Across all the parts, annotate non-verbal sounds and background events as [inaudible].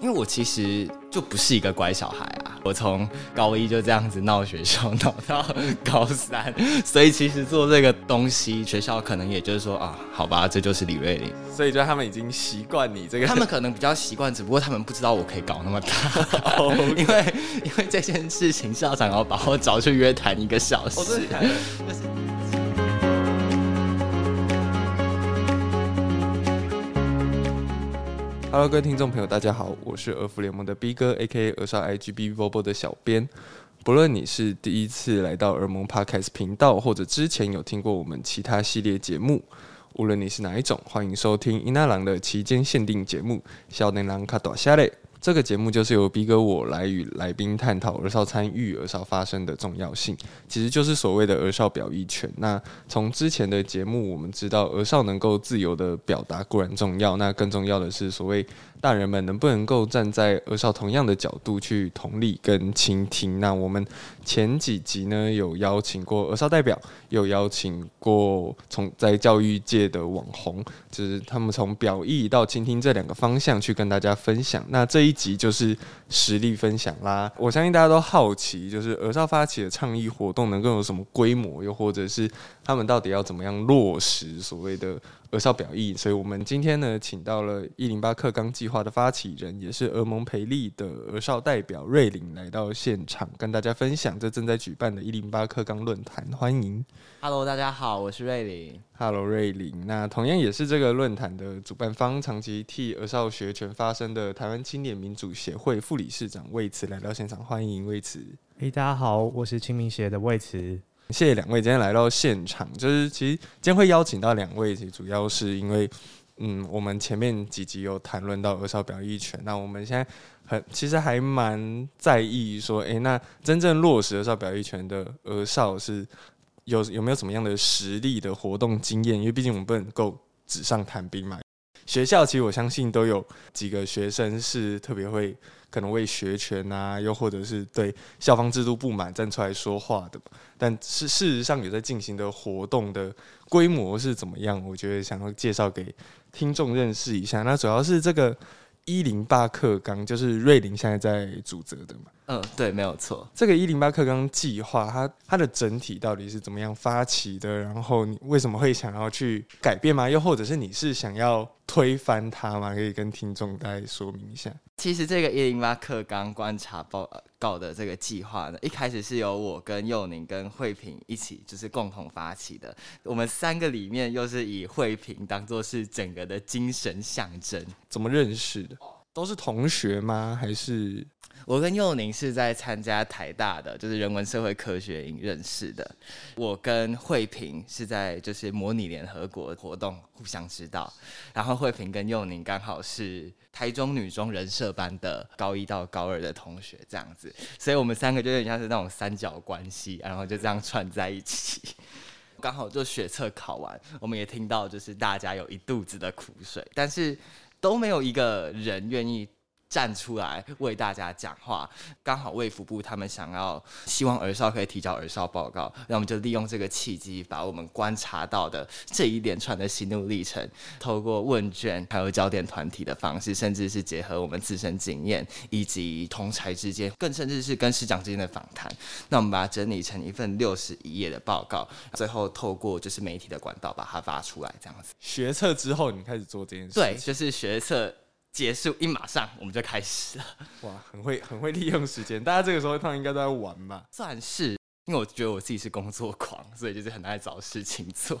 因為我其實就不是一個乖小孩啊，我從高一就這樣子鬧學校鬧到高三， [laughs] 所以其實做這個東西，學校可能也就是說啊，好吧，這就是李瑞霖，所以就他們已經習慣你這個，他們可能比較習慣，只不過他們不知道我可以搞那麼大， [laughs] oh, okay. 因為因為這件事情，校長要把我找去約談一個小時。 [laughs] Hello，各位聽眾朋友，大家好，我是兒福聯盟的 B 哥，A.K.A. 兒少 IG bibibobo 的小編。不論你是第一次來到兒盟 Podcast 頻道，或者之前有聽過我們其他系列節目，無論你是哪一種，歡迎收聽伊納朗的期間限定節目《少年人卡大聲咧》。這個節目就是由逼哥我來與來賓探討兒少參與兒少發聲的重要性，其實就是所謂的兒少表意權。那從之前的節目我們知道，兒少能夠自由的表達固然重要，那更重要的是所謂。大人們能不能夠站在兒少同樣的角度去同理跟傾聽？那我們前幾集呢，有邀請過兒少代表，有邀請過從在教育界的網紅，就是他們從表意到傾聽這兩個方向去跟大家分享。那這一集就是實力分享啦。我相信大家都好奇，就是兒少發起的倡議活動能夠有什麼規模，又或者是他們到底要怎麼樣落實所謂的。兒少表意，所以我們今天呢，請到了一零八課綱計劃的發起人，也是兒盟培力的兒少代表瑞霖來到現場，跟大家分享這正在舉辦的一零八課綱論壇。歡迎，Hello，大家好，我是瑞霖。Hello，瑞霖。那同樣也是這個論壇的主辦方，長期替兒少學權發聲的台灣青年民主協會副理事長蔚慈來到現場，歡迎蔚慈。哎，hey，大家好，我是青民協的蔚慈。謝謝兩位今天來到現場，就是其實今天會邀請到兩位，其實主要是因為，嗯，我們前面幾集有談論到“兒少表意權”，那我們現在很其實還蠻在意說，哎、欸，那真正落實“兒少表意權”的“兒少”是有有沒有什麼樣的實力的活動經驗？因為畢竟我們不能夠紙上談兵嘛。學校其實我相信都有幾個學生是特別會。可能為學權啊，又或者是對校方制度不滿，站出來說話的，但是事實上也在進行的活動的規模是怎麼樣？我覺得想要介紹給聽眾認識一下。那主要是這個一零八課綱，就是瑞霖現在在主責的嘛？嗯，對，沒有錯。這個一零八課綱計劃，它它的整體到底是怎麼樣發起的？然後你為什麼會想要去改變嗎？又或者是你是想要？推翻他嗎？可以跟聽眾大概說明一下。其實這個一零八課綱觀察報告的這個計劃呢，一開始是由我跟佑寧跟惠平一起就是共同發起的。我們三個裡面又是以惠平當做是整個的精神象徵。怎麼認識的？都是同學嗎？還是我跟佑寧是在參加台大的，就是人文社會科學營認識的。我跟惠平是在就是模擬聯合國活動互相知道，然後惠平跟佑寧剛好是台中女中人社班的高一到高二的同學這樣子，所以我們三個就有點像是那種三角關係，然後就這樣串在一起。剛 [laughs] 好就學測考完，我們也聽到就是大家有一肚子的苦水，但是。都沒有一個人願意，站出來為大家講話，剛好衛福部他們想要希望兒少可以提交兒少報告，那我們就利用這個契機，把我們觀察到的這一連串的心路歷程，透過問卷還有焦點團體的方式，甚至是結合我們自身經驗以及同儕之間，更甚至是跟師長之間的訪談，那我們把它整理成一份六十一頁的報告，最後透過就是媒體的管道把它發出來，這樣子。學測之後，你開始做這件事情？對，就是學測。結束一馬上，我們就開始了。哇，很會很會利用時間。大家這個時候他們應該都在玩吧？算是，因為我覺得我自己是工作狂，所以就是很愛找事情做。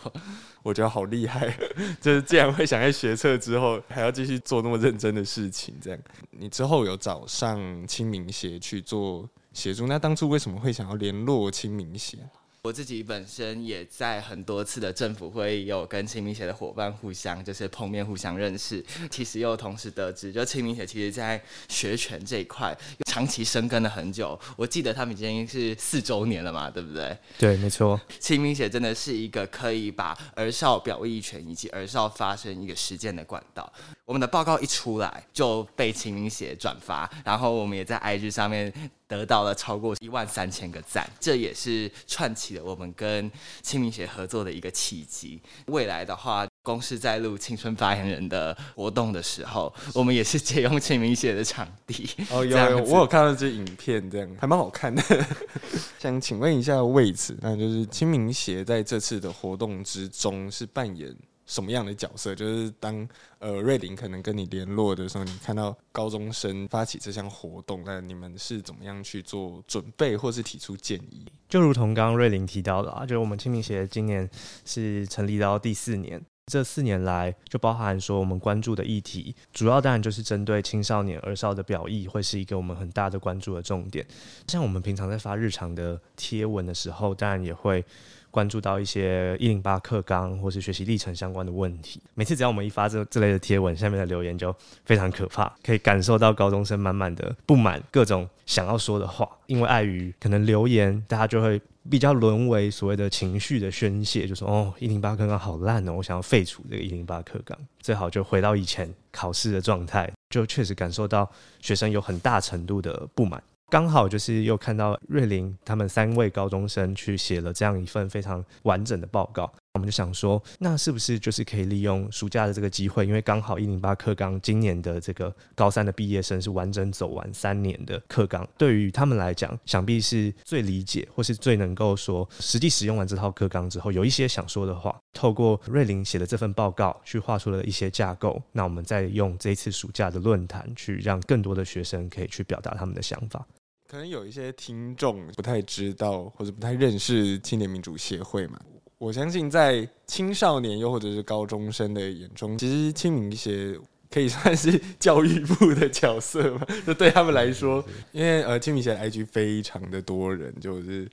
我覺得好厲害，就是既然會想在學測之後， [laughs] 還要繼續做那麼認真的事情。這樣，你之後有找上青民協去做協助。那當初為什麼會想要聯絡青民協？我自己本身也在很多次的政府會議有跟青民協的夥伴互相就是碰面，互相認識。其實又同時得知，就青民協其實在學權這一塊長期深耕了很久。我記得他們已經是四週年了嘛，對不對？對，沒錯。青民協真的是一個可以把兒少表意權以及兒少發生一個實踐的管道。我們的報告一出來就被青民協轉發，然後我們也在 IG 上面。得到了超過一萬三千個讚，這也是串起了我們跟青民協，合作的一個契機。未來的話，公司在錄青春發言人的活動的時候，我們也是借用青民協的場地。哦，有，有有，我有看到這影片，這樣還蠻好看的。 [laughs] 想請問一下蔚慈，那就是青民協在這次的活動之中是扮演什麼樣的角色？就是當呃瑞霖可能跟你聯絡的時候，你看到高中生發起這項活動，那你們是怎麼樣去做準備，或是提出建議？就如同剛剛瑞霖提到的啊，就是我們青民協今年是成立到第四年，這四年來就包含說我們關注的議題，主要當然就是針對青少年兒少的表意會是一個我們很大的關注的重點。像我們平常在發日常的貼文的時候，當然也會。關注到一些一零八課綱或是學習歷程相關的問題，每次只要我們一發這這類的貼文，下面的留言就非常可怕，可以感受到高中生滿滿的不滿，各種想要說的話。因為礙於可能留言，大家就會比較淪為所謂的情緒的宣洩，就是說哦，一零八課綱好爛哦，我想要廢除這個一零八課綱，最好就回到以前考試的狀態。就確實感受到學生有很大程度的不滿。剛好就是又看到瑞霖他們三位高中生去寫了這樣一份非常完整的報告，我們就想說，那是不是就是可以利用暑假的這個機會？因為剛好一零八課綱今年的這個高三的畢業生是完整走完三年的課綱，對於他們來講，想必是最理解或是最能夠說，實際使用完這套課綱之後，有一些想說的話，透過瑞霖寫的這份報告去畫出了一些架構，那我們再用這一次暑假的論壇，去讓更多的學生可以去表達他們的想法。可能有一些聽眾不太知道，或者不太認識青年民主協會嘛。我相信在青少年又或者是高中生的眼中，其實青民協可以算是教育部的角色嘛。就對他們來說，因為呃，青民協的 IG 非常的多人，就是。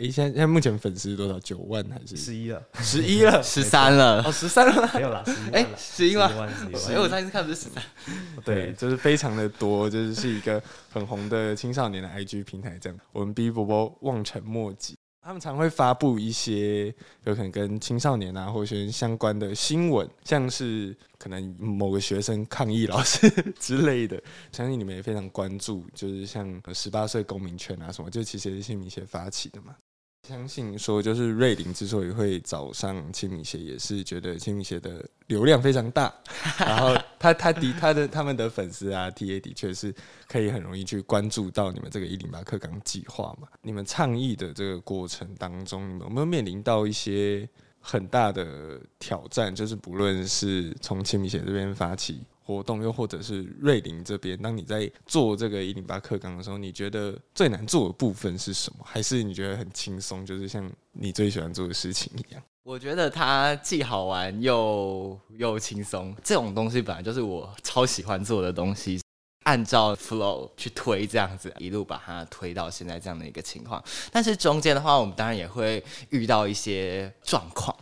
哎、欸，現在現在目前粉絲是多少？九萬還是十一了？十一了，十三 [laughs] 了？欸、哦，十三了，了？沒有啦，十一了。哎，十一了。哎，10，我上次看不是十三。 [laughs] 對，就是非常的多， [laughs] 就是是一個很紅的青少年的 IG 平台。這樣，我們嗶嗶啵啵望塵莫及。他們常會發布一些有可能跟青少年啊或學生相關的新聞，像是可能某個學生抗議老師之類的。相信你們也非常關注，就是像十八歲公民權啊什麼，就其實是一些青民協發起的嘛。相信說，就是瑞霖之所以會找上青民協，也是覺得青民協的流量非常大。 [laughs] 然後他他的他的他們的粉絲啊，TA 的確是可以很容易去關注到你們這個一零八課綱計劃嘛。你們倡議的這個過程當中，你們有沒有面臨到一些很大的挑戰，就是不論是從青民協這邊發起。活動又或者是瑞霖這邊，當你在做這個一零八課綱的時候，你覺得最難做的部分是什麼？還是你覺得很輕鬆，就是像你最喜歡做的事情一樣？我覺得它既好玩又又輕鬆，這種東西本來就是我超喜歡做的東西。按照 flow 去推，這樣子一路把它推到現在這樣的一個情況。但是中間的話，我們當然也會遇到一些狀況，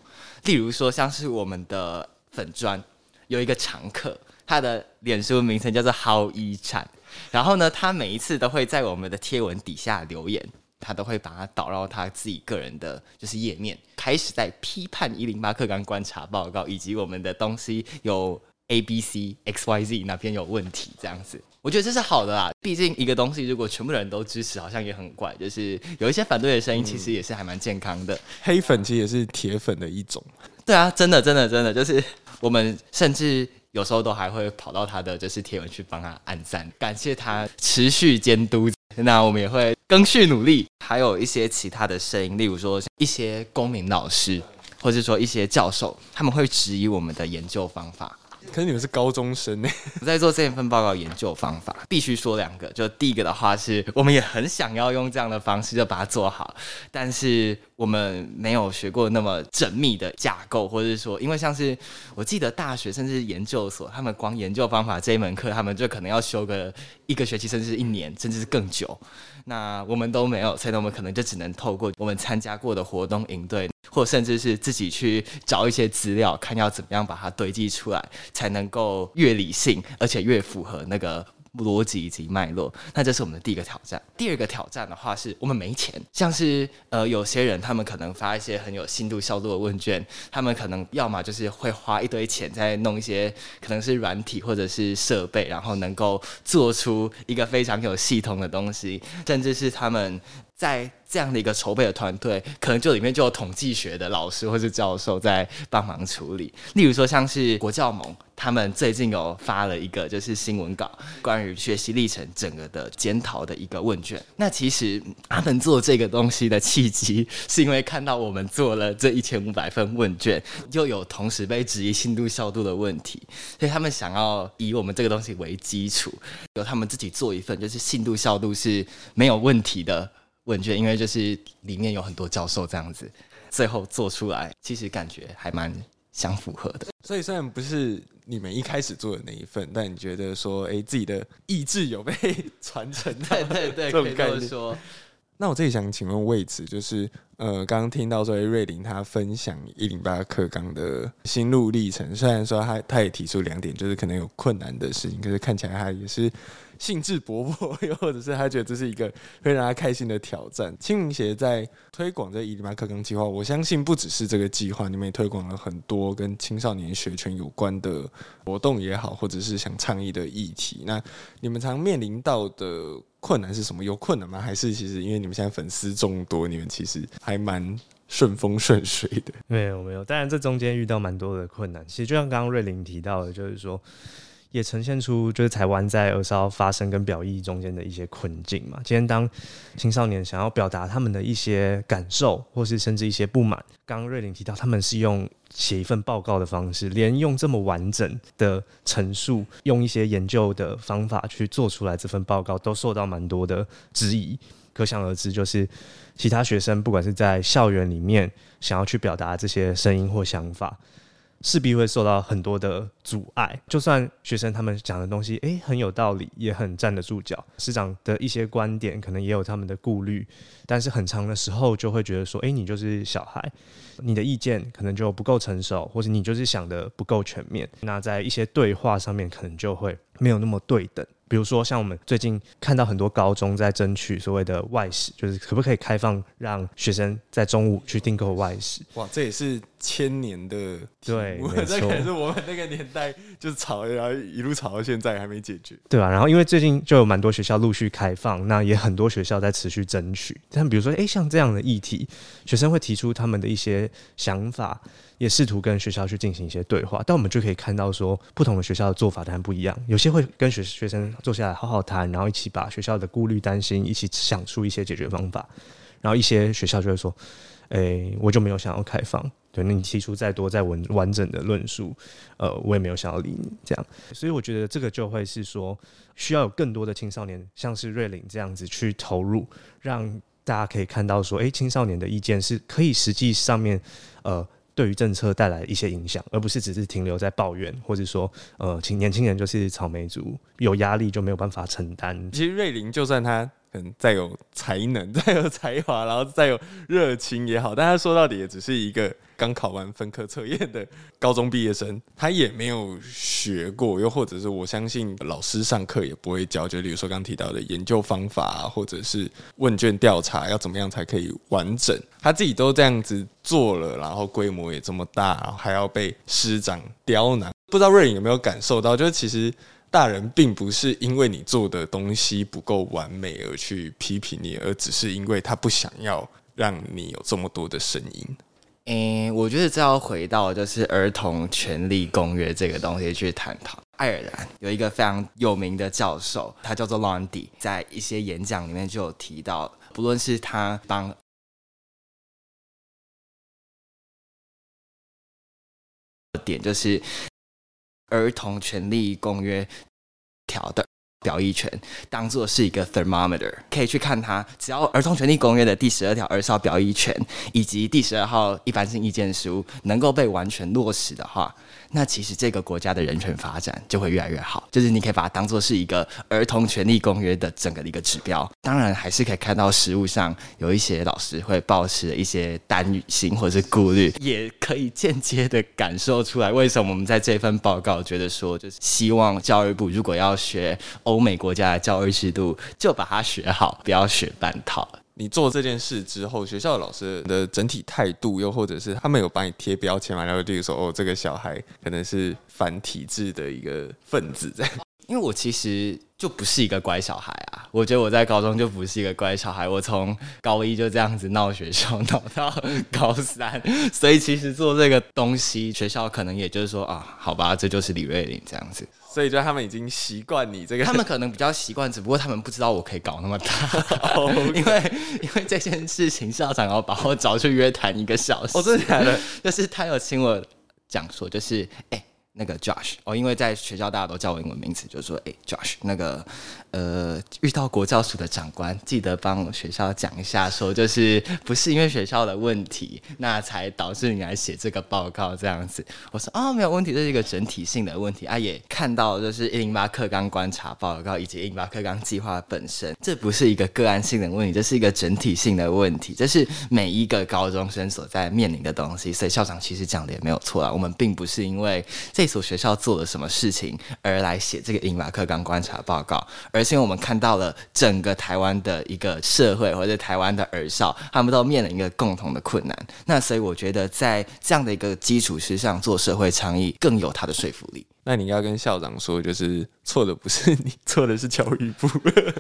例如說像是我們的粉專有一個常客。他的臉書名稱叫做 How 一產，然後呢，他每一次都會在我們的貼文底下留言，他都會把它導到他自己個人的，就是頁面開始在批判一零八課綱觀察報告以及我們的東西有 A B C X Y Z 哪邊有問題這樣子。我覺得這是好的啦，畢竟一個東西如果全部人都支持，好像也很怪。就是有一些反對的聲音，其實也是還蠻健康的、嗯。黑粉其實也是鐵粉的一種。對啊，真的，真的，真的，就是我們甚至。有時候都還會跑到他的就是貼文去幫他按讚，感謝他持續監督。那我們也會更續努力。還有一些其他的聲音，例如說一些公民老師，或者說一些教授，他們會質疑我們的研究方法。可是你們是高中生。欸、我在做這一份報告，研究方法必須說兩個。就第一個的話是，我們也很想要用這樣的方式就把它做好，但是我們沒有學過那麼縝密的架構，或者說，因為像是我記得大學甚至研究所，他們光研究方法這一門課，他們就可能要修個一個學期，甚至一年，甚至是更久。那我們都沒有，所以呢，我們可能就只能透過我們參加過的活動營隊。或者甚至是自己去找一些資料，看要怎麼樣把它堆積出來，才能夠越理性，而且越符合那個邏輯以及脈絡。那這是我們的第一個挑戰。第二個挑戰的話是，是我們沒錢。像是呃，有些人他們可能發一些很有信度效度的問卷，他們可能要麼就是會花一堆錢在弄一些可能是軟體或者是設備，然後能夠做出一個非常有系統的東西，甚至是他們。在這樣的一個籌備的團隊，可能就裡面就有統計學的老師或是教授在幫忙處理。例如說，像是國教盟，他們最近有發了一個就是新聞稿，關於學習歷程整個的檢討的一個問卷。那其實他們做這個東西的契機，是因為看到我們做了這一千五百份問卷，又有同時被質疑信度效度的問題，所以他們想要以我們這個東西為基礎，由他們自己做一份，就是信度效度是沒有問題的。問卷，因為就是裡面有很多教授這樣子，最後做出來，其實感覺還蠻相符合的。所以雖然不是你們一開始做的那一份，但你覺得說，哎、欸，自己的意志有被傳承？對對對，可以說。那我這裡想請問蔚慈，就是呃，剛剛聽到說瑞霖他分享一零八課綱的心路歷程，雖然說他他也提出兩點，就是可能有困難的事情，可是看起來他也是。興致勃勃，又或者是他覺得這是一個非常開心的挑戰。青民協在推廣這108課綱計畫，我相信不只是這個計劃，你們也推廣了很多跟青少年學權有關的活動也好，或者是想倡議的議題。那你們常面臨到的困難是什麼？有困難嗎？還是其實因為你們現在粉絲眾多，你們其實還蠻順風順水的？沒有，沒有。當然，這中間遇到蠻多的困難。其實就像剛剛瑞霖提到的，就是說。也呈現出就是台灣在兒少發聲跟表意中間的一些困境嘛。今天當青少年想要表達他們的一些感受，或是甚至一些不滿，剛剛瑞霖提到他們是用寫一份報告的方式，連用這麼完整的陳述，用一些研究的方法去做出來這份報告，都受到蠻多的質疑。可想而知，就是其他學生不管是在校園裡面想要去表達這些聲音或想法。勢必會受到很多的阻礙。就算學生他們講的東西，誒、欸、很有道理，也很站得住腳。師長的一些觀點，可能也有他們的顧慮。但是很常的時候，就會覺得說，誒、欸，你就是小孩，你的意見可能就不夠成熟，或者你就是想得不夠全面。那在一些對話上面，可能就會沒有那麼對等。比如說，像我們最近看到很多高中在爭取所謂的外食，就是可不可以開放讓學生在中午去訂購外食？哇，這也是千年的題目，對這可能是我們那個年代就吵，然後一路吵到現在還沒解決。對吧、啊？然後因為最近就有蠻多學校陸續開放，那也很多學校在持續爭取。但比如說，哎、欸，像這樣的議題，學生會提出他們的一些想法。也試圖跟學校去進行一些對話，但我們就可以看到說，不同的學校的做法當然不一樣。有些會跟學學生坐下來好好談，然後一起把學校的顧慮、擔心一起想出一些解決方法。然後一些學校就會說：“哎、欸，我就沒有想要開放，對那你提出再多再完完整的論述，呃，我也沒有想要理你。”這樣，所以我覺得這個就會是說，需要有更多的青少年，像是瑞霖這樣子去投入，讓大家可以看到說：“哎、欸，青少年的意見是可以實際上面，呃。”對於政策帶來一些影響，而不是只是停留在抱怨，或者說，呃，青年輕人就是草莓族，有壓力就沒有辦法承擔。其實瑞霖就算他。再有才能，再有才華，然後再有熱情也好，但他說到底也只是一個剛考完分科測驗的高中畢業生，他也沒有學過，又或者是我相信老師上課也不會教，就比如說剛剛提到的研究方法啊，或者是問卷調查要怎麼樣才可以完整，他自己都這樣子做了，然後規模也這麼大，還要被師長刁難，不知道瑞霖有沒有感受到，就是其實。大人並不是因為你做的東西不夠完美而去批評你，而只是因為他不想要讓你有這麼多的聲音。嗯，我覺得這要回到就是《兒童權利公約》這個東西去探討。愛爾蘭有一個非常有名的教授，他叫做 Lundy，在一些演講裡面就有提到，不論是他幫的點就是。兒童權利公約第十二條的表意權，當做是一個 thermometer，可以去看它。只要兒童權利公約的第十二條兒少表意權以及第十二號一般性意見書能夠被完全落實的話。那其實這個國家的人權發展就會越來越好，就是你可以把它當做是一個兒童權利公約的整個的一個指標。當然，還是可以看到實務上有一些老師會抱持一些擔心或者是顧慮，也可以間接的感受出來為什麼我們在這份報告覺得說，就是希望教育部如果要學歐美國家的教育制度，就把它學好，不要學半套。你做這件事之後，學校的老師的整體態度，又或者是他們有把你貼標籤嗎？例如說，哦，這個小孩可能是反體制的一個分子這樣。因為我其實就不是一個乖小孩啊，我覺得我在高中就不是一個乖小孩，我從高一就這樣子鬧學校鬧到高三，所以其實做這個東西，學校可能也就是說啊，好吧，這就是李瑞霖這樣子。所以就他們已經習慣你這個，他們可能比較習慣，只不過他們不知道我可以搞那麼大，oh, okay. 因為因為這件事情校長要把我找去約談一個小時。我、oh, 真的假的，就是他有請我講說，就是哎、欸、那個 Josh，哦、喔、因為在學校大家都叫我英文名字，就是說哎、欸、Josh 那個。呃，遇到國教署的長官，記得幫學校講一下說，說就是不是因為學校的問題，那才導致你來寫這個報告這樣子。我說啊、哦，沒有問題，這、就是一個整體性的問題啊，也看到就是一零八課綱觀察報告以及一零八課綱計劃本身，這不是一個個案性的問題，這是一個整體性的問題，這是每一個高中生所在面臨的東西。所以校長其實講的也沒有錯啊，我們並不是因為這所學校做了什麼事情而來寫這個一零八課綱觀察報告，而是因為我們看到了整個台灣的一個社會，或者台灣的兒少，他們都面臨一個共同的困難。那所以我覺得，在這樣的一個基礎之上做社會倡議，更有它的說服力。那你要跟校長說，就是錯的不是你，錯的是教育部。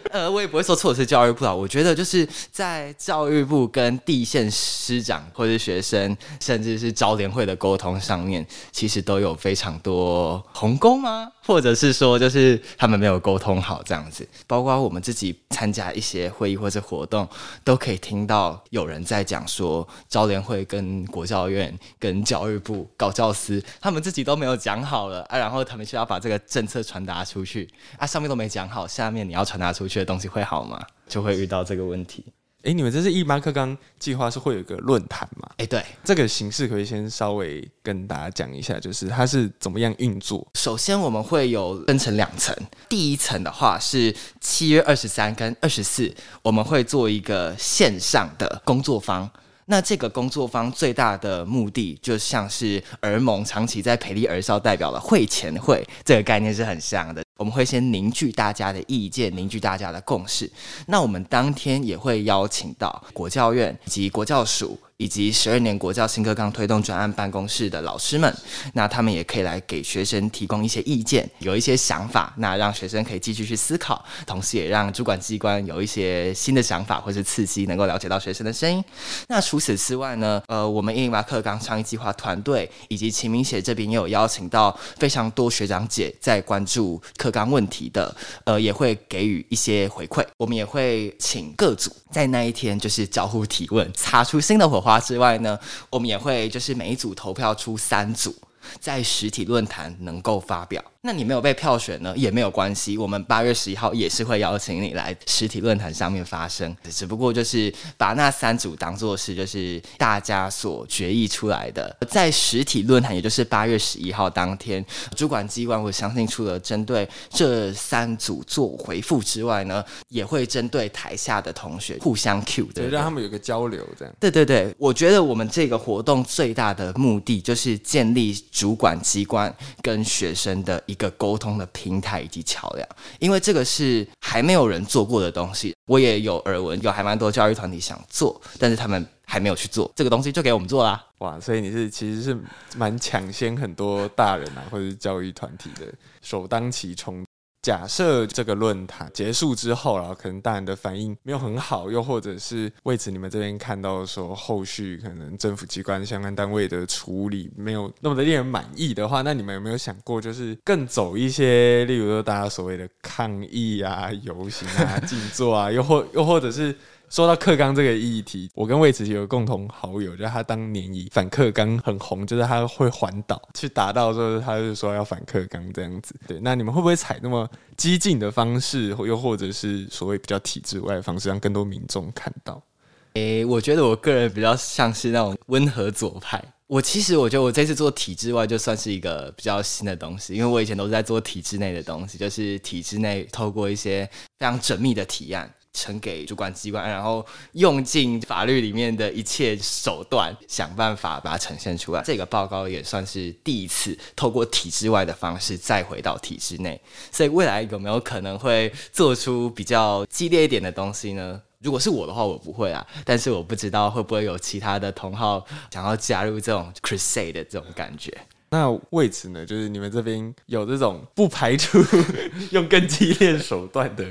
[laughs] 呃，我也不會說錯的是教育部啊。我覺得就是在教育部跟地縣師長，或者是學生，甚至是招聯會的溝通上面，其實都有非常多鴻溝嗎？或者是說，就是他們沒有溝通好這樣子。包括我們自己參加一些會議或者活動，都可以聽到有人在講說，招聯會跟國教院跟教育部高教司，他們自己都沒有講好了，啊、然後。然後他們需要把這個政策傳達出去，啊，上面都沒講好，下面你要傳達出去的東西會好嗎？就會遇到這個問題。誒，你們這是108課綱計畫是會有一個論壇嗎？誒，對，這個形式可以先稍微跟大家講一下，就是它是怎麼樣運作。首先，我們會有分成兩層，第一層的話是七月二十三跟二十四，我們會做一個線上的工作坊。那這個工作坊最大的目的，就是像是兒盟長期在培力兒少代表的會前會，這個概念是很像的。我們會先凝聚大家的意見，凝聚大家的共識。那我們當天也會邀請到國教院以及國教署以及十二年國教新課綱推動專案辦公室的老師們，那他們也可以來給學生提供一些意見，有一些想法，那讓學生可以繼續去思考，同時也讓主管機關有一些新的想法或是刺激，能夠了解到學生的聲音。那除此之外呢，呃，我們108課綱倡議計劃團隊以及青民協這邊也有邀請到非常多學長姐在關注。課綱問題的，呃，也會給予一些回饋。我們也會請各組在那一天就是交互提問，擦出新的火花之外呢，我們也會就是每一組投票出三組在實體論壇能夠發表，那你沒有被票選呢，也沒有關係。我們八月十一號也是會邀請你來實體論壇上面發聲，只不過就是把那三組當做是就是大家所決議出來的。在實體論壇，也就是八月十一號當天，主管機關我相信除了針對這三組做回復之外呢，也會針對臺下的同學互相 cue，對，對，讓他們有個交流，這樣。對對對，我覺得我們這個活動最大的目的就是建立。主管機關跟學生的一個溝通的平台以及橋梁，因為這個是還沒有人做過的東西，我也有耳聞，有還蠻多教育團體想做，但是他們還沒有去做，這個東西就給我們做啦！哇，所以你是其實是蠻搶先很多大人啊，或者是教育團體的首當其衝？假設這個論壇結束之後，然後，可能大人的反應沒有很好，又或者是為此你們這邊看到說後續可能政府機關相關單位的處理沒有那麼的令人滿意的話，那你們有沒有想過，就是更走一些，例如說大家所謂的抗議啊、遊行啊、靜坐啊， [laughs] 又或又或者是。說到課綱這個議題，我跟蔚慈有共同好友，就是他當年以反課綱很紅，就是他會環島去達到，就是他就說要反課綱這樣子。對，那你們會不會採那麼激進的方式，或又或者是所謂比較體制外的方式，讓更多民眾看到？誒、欸，我覺得我個人比較像是那種溫和左派。我其實我覺得我這次做體制外就算是一個比較新的東西，因為我以前都是在做體制內的東西，就是體制內透過一些非常縝密的提案。呈給主管機關，然後用盡法律裡面的一切手段，想辦法把它呈現出來。這個報告也算是第一次透過體制外的方式再回到體制內，所以未來有沒有可能會做出比較激烈一點的東西呢？如果是我的話，我不會啊，但是我不知道會不會有其他的同好想要加入這種 crusade 的這種感覺。那為此呢，就是你們這邊有這種不排除 [laughs] 用更激烈手段的。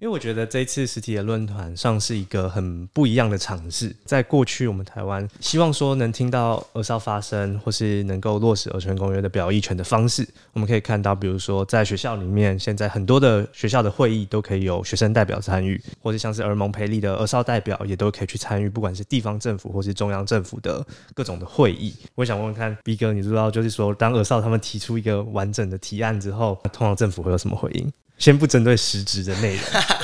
因為我覺得這一次實體的論壇算是一個很不一樣的嘗試。在過去，我們台灣希望說能聽到兒少發聲，或是能夠落實兒權公約的表意權的方式，我們可以看到，比如說在學校裡面，現在很多的學校的會議都可以有學生代表參與，或者像是兒盟培力的兒少代表也都可以去參與，不管是地方政府或是中央政府的各種的會議。我想問問看 B 哥，你知道就是說。當兒少他們提出一個完整的提案之後，通常政府會有什麼回應？先不針對實質的內容。 [laughs]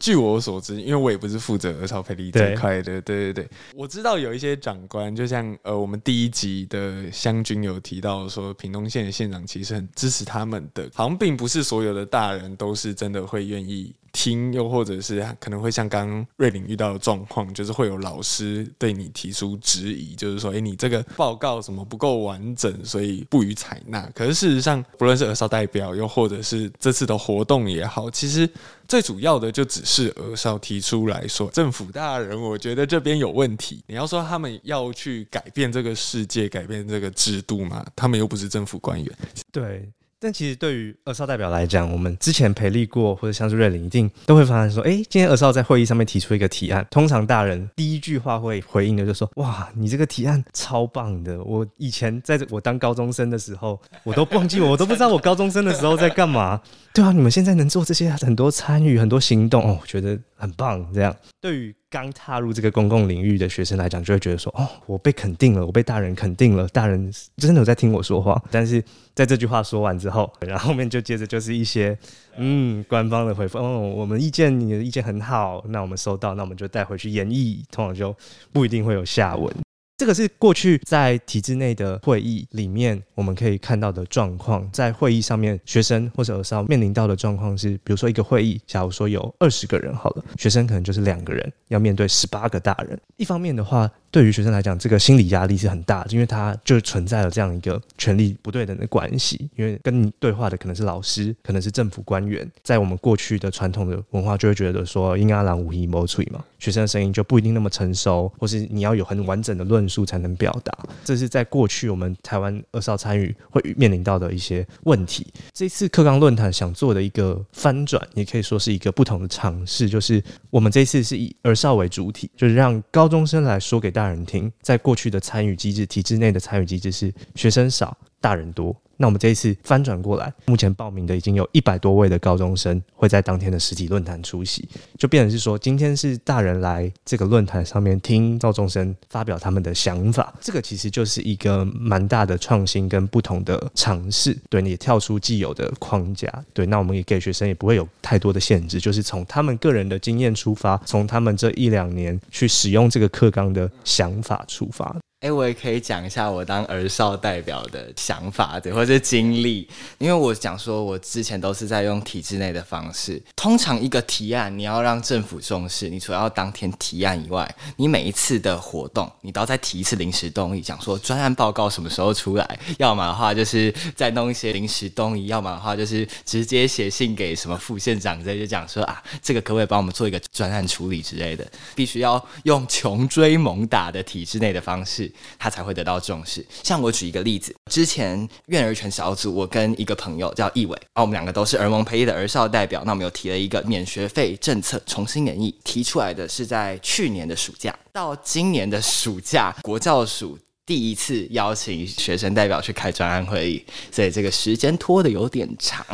據我所知，因為我也不是負責兒少培力這一塊的，對，對對對，我知道有一些長官，就像呃，我們第一集的湘軍有提到說，屏東縣的縣長其實很支持他們的，好像並不是所有的大人都是真的會願意。聽，又或者是可能會像剛剛，瑞霖遇到的狀況，就是會有老師對你提出質疑，就是說，誒，你這個報告怎麼不夠完整，所以不予採納。可是事實上，不論是兒少代表，又或者是這次的活動也好，其實最主要的就只是兒少提出來說，政府大人，我覺得這邊有問題。你要說他們要去改變這個世界，改變這個制度嗎？他們又不是政府官員，對。但其實對於兒少代表來講，我們之前培力過或者像是瑞霖，一定都會發現說：誒，今天兒少在會議上面提出一個提案。通常大人第一句話會回應的，就是說：哇，你這個提案超棒的！我以前在我當高中生的時候，我都忘記我，我都不知道我高中生的時候在幹嘛。對啊，你們現在能做這些很多參與很多行動哦，我覺得很棒。這樣對於。剛踏入這個公共領域的學生來講，就會覺得說，哦，我被肯定了，我被大人肯定了，大人真的有在聽我說話。但是，在這句話說完之後，然後後面就接着就是一些，嗯，官方的回復，哦，我們意見你的意見很好，那我們收到，那我們就帶回去演繹，通常就不一定會有下文。這個是過去在體制內的會議裡面我們可以看到的狀況，在會議上面，學生或者兒少面臨到的狀況是，比如說一個會議，假如說有二十個人好了，學生可能就是兩個人，要面對十八個大人。一方面的話，對於學生來講，這個心理壓力是很大的，因為他就存在了這樣一個權力不對等的關係，因為跟你對話的可能是老師，可能是政府官員，在我們過去的傳統的文化就會覺得說，囡仔人有耳無喙嘛。學生的聲音就不一定那麼成熟，或是你要有很完整的論述才能表達。這是在過去我們台灣兒少參與會面臨到的一些問題。這次課綱論壇想做的一個翻轉，也可以說是一個不同的嘗試，就是我們這次是以兒少為主體，就是讓高中生來說給大人聽。在過去的參與機制，體制內的參與機制是學生少，大人多。那我們這一次翻轉過來，目前報名的已經有一百多位的高中生會在當天的實體論壇出席，就變成是說，今天是大人來這個論壇上面聽高中生發表他們的想法，這個其實就是一個蠻大的創新跟不同的嘗試，對，你也跳出既有的框架，對，那我們也給學生也不會有太多的限制，就是從他們個人的經驗出發，從他們這一兩年去使用這個課綱的想法出發。哎、欸，我也可以講一下我當兒少代表的想法，對，或者經歷，因為我講說，我之前都是在用體制內的方式。通常一個提案，你要讓政府重視，你除了要當天提案以外，你每一次的活動，你都要再提一次臨時動議，講說專案報告什麼時候出來；要麼的話，就是再弄一些臨時動議；要麼的話，就是直接寫信給什麼副縣長之類，就講說啊，這個可不可以幫我們做一個專案處理之類的？必須要用窮追猛打的體制內的方式。他才會得到重視。像我舉一個例子，之前院兒權小組，我跟一個朋友叫易偉，啊，我們兩個都是兒盟培力的兒少代表。那我們又提了一個免學費政策，重新審議提出來的是在去年的暑假到今年的暑假，國教署第一次邀請學生代表去開專案會議，所以這個時間拖得有點長。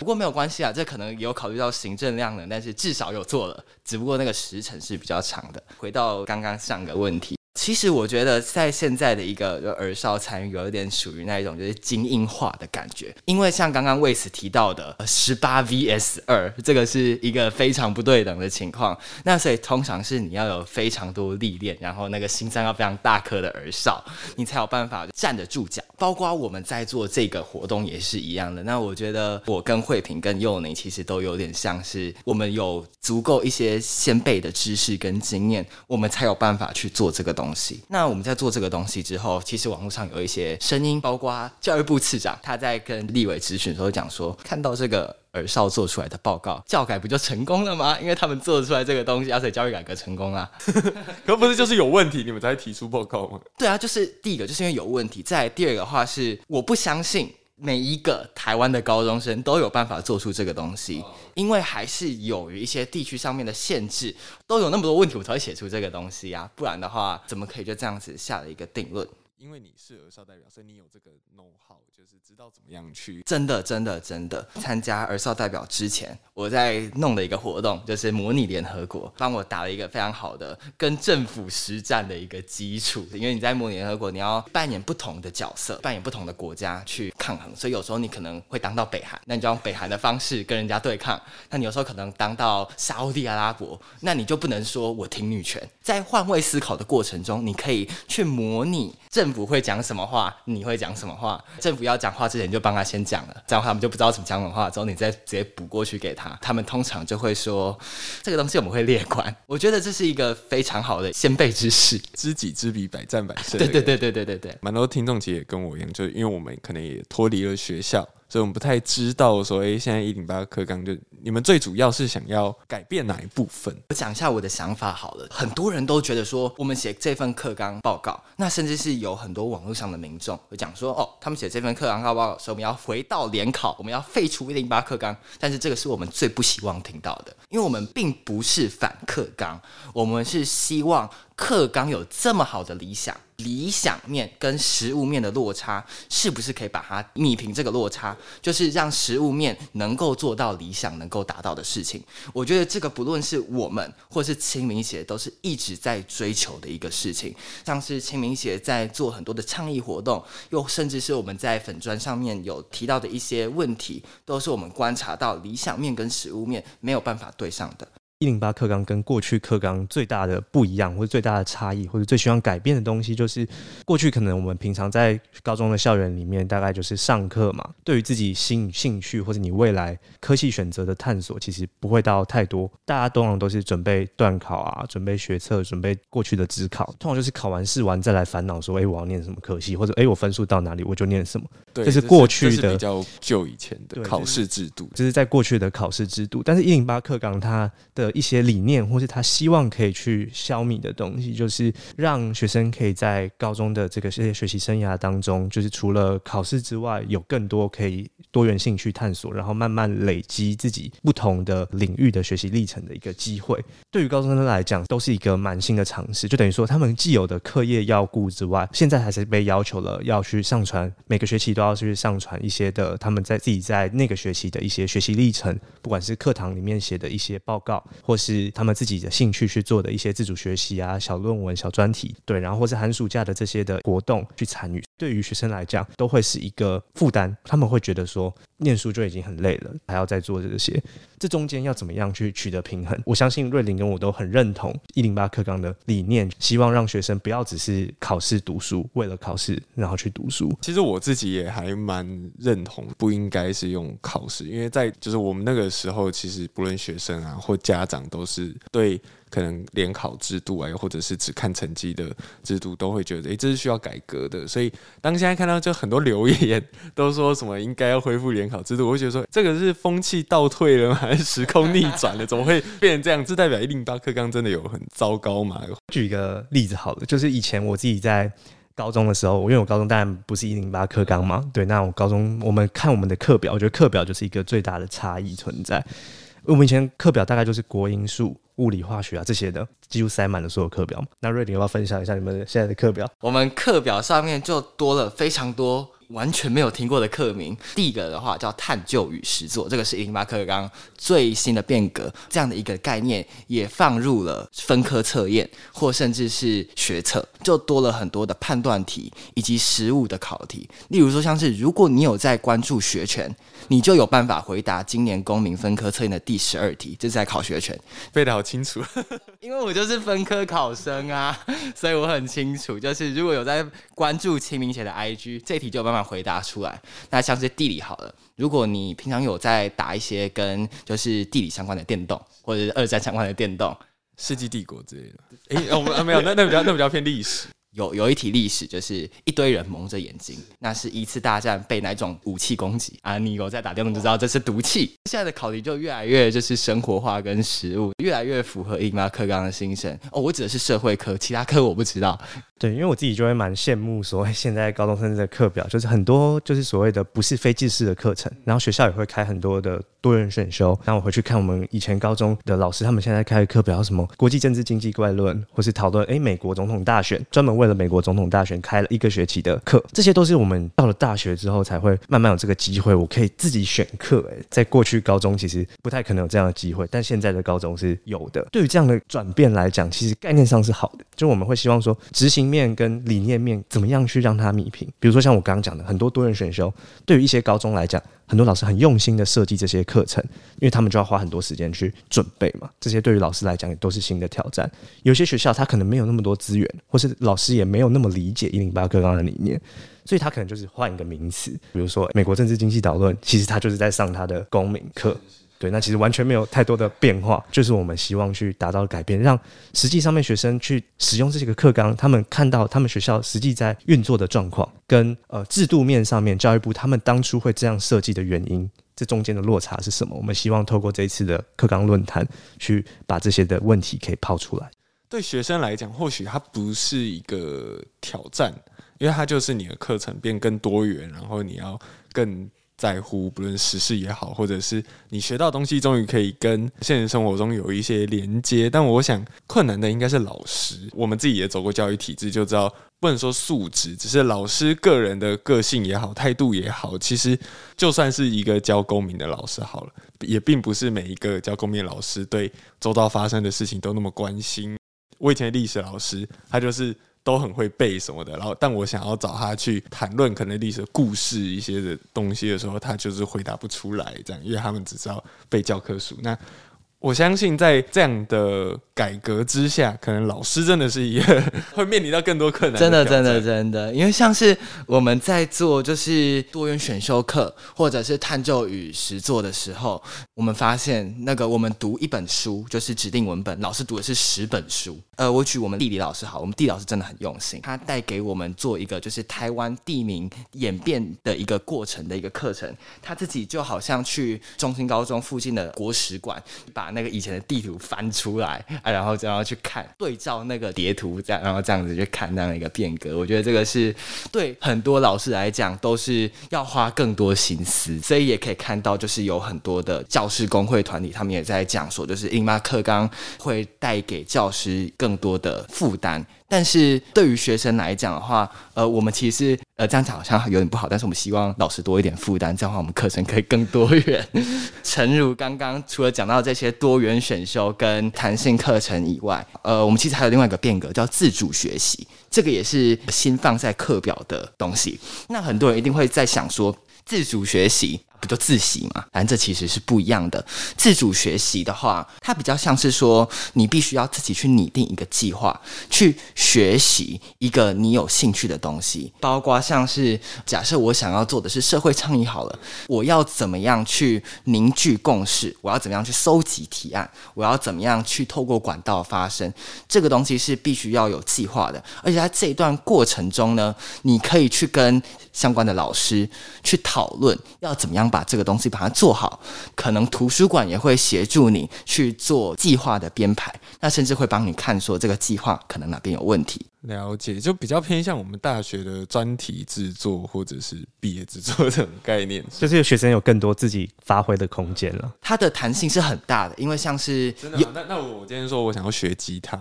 不過沒有關係啊，這可能有考慮到行政量能，但是至少有做了，只不過那個時程是比較長的。回到剛剛上個問題。其實我覺得，在現在的一個兒少參與，有點屬於那一種就是精英化的感覺。因為像剛剛蔚慈提到的十八 VS 二，這個是一個非常不對等的情況。那所以通常是你要有非常多歷練，然後那個心臟要非常大顆的兒少，你才有辦法站得住腳。包括我們在做這個活動也是一樣的。那我覺得我跟慧平跟幼寧其實都有點像是，我們有足夠一些先輩的知識跟經驗，我們才有辦法去做這個東西。東西，那我們在做這個東西之後，其實網絡上有一些聲音，包括教育部次長，他在跟立委質詢的時候講說，看到這個兒少做出來的報告，教改不就成功了嗎？因為他們做出來這個東西，而且教育改革成功了， [laughs] 可不是就是有問題，你們才提出報告嗎？對啊，就是第一個就是因為有問題，再第二個的話是我不相信。每一個台灣的高中生都有辦法做出這個東西，因為還是有一些地區上面的限制，都有那麼多問題，我才會寫出這個東西啊！不然的話，怎麼可以就這樣子下了一個定論？因為你是兒少代表，所以你有這個 know-how，就是知道怎麼樣去。真的、真的、真的，參加兒少代表之前，我在弄了一個活動，就是模擬聯合國，幫我打了一個非常好的跟政府實戰的一個基礎。因為你在模擬聯合國，你要扮演不同的角色，扮演不同的國家去抗衡。所以有時候你可能會當到北韓，那你就用北韓的方式跟人家對抗；那你有時候可能當到沙烏地阿拉伯，那你就不能說我挺女權。在換位思考的過程中，你可以去模擬政。政府會講什麼話，你會講什麼話？政府要講話之前，你就幫他先講了，這樣他們就不知道怎麼講什麼話，之後你再直接補過去給他，他們通常就會說，這個東西我們會列管。我覺得這是一個非常好的先輩知識，知己知彼，百戰百勝。對對對對對對對，蠻多聽眾其實也跟我一樣，就是因為我們可能也脫離了學校。所以我們不太知道說，哎、欸，現在一零八課綱就你們最主要是想要改變哪一部分？我講一下我的想法好了。很多人都覺得說，我們寫這份課綱報告，那甚至是有很多網絡上的民眾會講說，哦，他們寫這份課綱報告，說我們要回到聯考，我們要廢除一零八課綱。但是這個是我們最不希望聽到的，因為我們並不是反課綱，我們是希望課綱有這麼好的理想。理想面跟實務面的落差，是不是可以把它弭平？這個落差就是讓實務面能夠做到理想能夠達到的事情。我覺得這個不論是我們或是青民協，都是一直在追求的一個事情。像是青民協在做很多的倡議活動，又甚至是我們在粉專上面有提到的一些問題，都是我們觀察到理想面跟實務面沒有辦法對上的。一零八課綱跟過去課綱最大的不一樣，或者最大的差異，或者最希望改變的東西，就是過去可能我們平常在高中的校園裡面，大概就是上課嘛。對於自己興興趣或者你未來科系選擇的探索，其實不會到太多。大家通常都是準備段考啊，準備學測，準備過去的指考，通常就是考完試完再來煩惱說：“哎、欸，我要念什麼科系？”或者“哎、欸，我分數到哪裡我就念什麼。對”這是過去的比較舊以前的考試制度、就是，就是在過去的考試制度。但是一零八課綱它的一些理念，或是他希望可以去消弭的東西，就是讓學生可以在高中的這個這些學習生涯當中，就是除了考試之外，有更多可以多元性去探索，然後慢慢累積自己不同的領域的學習歷程的一個機會。對於高中生來講，都是一個蠻新的嘗試。就等於說，他們既有的課業要顧之外，現在還是被要求了要去上傳，每個學期都要去上傳一些的他們在自己在那個學期的一些學習歷程，不管是課堂裡面寫的一些報告。或是他們自己的興趣去做的一些自主學習啊、小論文、小專題，對，然後或是寒暑假的這些的活動去參與，對於學生來講都會是一個負擔，他們會覺得說。念書就已經很累了，還要再做這些，這中間要怎麼樣去取得平衡？我相信瑞霖跟我都很認同108課綱的理念，希望讓學生不要只是考試讀書，為了考試然後去讀書。其實我自己也還蠻認同，不應該是用考試，因為在就是我們那個時候，其實不論學生啊或家長都是對。可能聯考制度啊，又或者是只看成績的制度，都會覺得哎、欸，這是需要改革的。所以，當現在看到就很多留言都說什麼應該要恢復聯考制度，我會覺得說這個是風氣倒退了嗎？還是時空逆轉了？怎麼會變成這樣？這代表一零八課綱真的有很糟糕嗎？舉一個例子好了，就是以前我自己在高中的時候，我因為我高中當然不是一零八課綱嘛，對，那我高中我們看我們的課表，我覺得課表就是一個最大的差異存在。我們以前課表大概就是國英數、物理化學啊這些的，幾乎塞滿了所有課表。那瑞霖要不要分享一下你們現在的課表？我們課表上面就多了非常多完全沒有聽過的課名。第一個的話叫“探究與實作”，這個是108課綱最新的變革，這樣的一個概念也放入了分科測驗或甚至是學測，就多了很多的判斷題以及實務的考題。例如說，像是如果你有在關注學權。你就有辦法回答今年公民分科測驗的第十二題，這、就是在考學權，背得好清楚， [laughs] 因為我就是分科考生啊，所以我很清楚。就是如果有在關注青民協的 IG，這題就有辦法回答出來。那像是地理好了，如果你平常有在打一些跟就是地理相關的電動，或者是二戰相關的電動、世紀帝國之類的，哎、 [laughs] 欸，我、哦、們沒有，那那比較那比較偏歷史。有有一題歷史，就是一堆人蒙着眼睛，那是一次大戰被哪種武器攻擊啊？你有在打電話就知道這是毒氣。現在的考題就越來越就是生活化跟實物，越來越符合108課綱的精神哦。我指的是社會科，其他科我不知道。對，因為我自己就會蠻羨慕所謂現在高中生的課表，就是很多就是所謂的不是非正式的課程，然後學校也會開很多的多元選修。然後我回去看我們以前高中的老師，他們現在開的課表，什麼國際政治經濟概論，或是討論，哎，美國總統大選，專門為了美國總統大選開了一個學期的課，這些都是我們到了大學之後才會慢慢有這個機會，我可以自己選課。哎，在過去高中其實不太可能有這樣的機會，但現在的高中是有的。對於這樣的轉變來講，其實概念上是好的，就我們會希望說執行面跟理念面怎麼樣去讓它弭平？比如說像我剛剛講的，很多多人選修，對於一些高中來講，很多老師很用心的設計這些課程，因為他們就要花很多時間去準備嘛。這些對於老師來講也都是新的挑戰。有些學校他可能沒有那麼多資源，或是老師也沒有那麼理解一零八課綱的理念，所以他可能就是換一個名詞，比如說美國政治經濟導論，其實他就是在上他的公民課。對，那其實完全沒有太多的變化，就是我們希望去達到改變，讓實際上面學生去使用這個課綱，他們看到他們學校實際在運作的狀況，跟呃制度面上面教育部他們當初會這樣設計的原因，這中間的落差是什麼？我們希望透過這一次的課綱論壇，去把這些的問題可以拋出來。對學生來講，或許它不是一個挑戰，因為它就是你的課程變更多元，然後你要更。在乎，不論時事也好，或者是你學到東西，終於可以跟現實生活中有一些連接。但我想，困難的應該是老師。我們自己也走過教育體制，就知道不能說素質，只是老師個人的個性也好，態度也好。其實，就算是一個教公民的老師好了，也並不是每一個教公民的老師對周遭發生的事情都那麼關心。我以前的歷史老師，他就是。都很會背什麼的，然後但我想要找他去談論可能歷史故事一些的東西的時候，他就是回答不出來，這樣，因為他們只知道背教科書。那。我相信在這樣的改革之下，可能老師真的是一樣會面臨到更多困難。真的，真的，真的，因為像是我們在做就是多元選修課或者是探究與實作的時候，我們發現那個我們讀一本書就是指定文本，老師讀的是十本書。呃，我舉我們地理老師好，我們地理老師真的很用心，他帶給我們做一個就是台灣地名演變的一個過程的一個課程，他自己就好像去中心高中附近的國史館把，那個以前的地圖翻出來啊，然後就要去看對照那個疊圖，這樣然後這樣子去看那樣一個變革。我覺得這個是對很多老師來講都是要花更多心思，所以也可以看到，就是有很多的教師工會團體，他們也在講說，就是108課綱會帶給教師更多的負擔。但是對於學生來講的話，呃，我們其實呃，這樣子好像有點不好，但是我們希望老師多一點負擔，這樣的話我們課程可以更多元。 [laughs] 誠如剛剛除了講到這些多元選修跟彈性課程以外，呃，我們其實還有另外一個變革，叫自主學習，這個也是新放在課表的東西。那很多人一定會在想說，自主學習。不就自習嘛？反正這其實是不一樣的。自主學習的話，它比較像是說，你必須要自己去擬定一個計劃，去學習一個你有興趣的東西。包括像是假設我想要做的是社會倡議好了，我要怎麼樣去凝聚共識？我要怎麼樣去搜集提案？我要怎麼樣去透過管道發生？這個東西是必須要有計劃的。而且在這一段過程中呢，你可以去跟相關的老師去討論要怎麼樣。把這個東西把它做好，可能圖書館也會協助你去做計劃的編排，那甚至會幫你看說這個計劃可能哪邊有問題。了解，就比較偏向我們大學的專題製作或者是畢業製作這種概念，就是學生有更多自己發揮的空間了。它的彈性是很大的，因為像是有，真的嗎？那那我今天說我想要學吉他，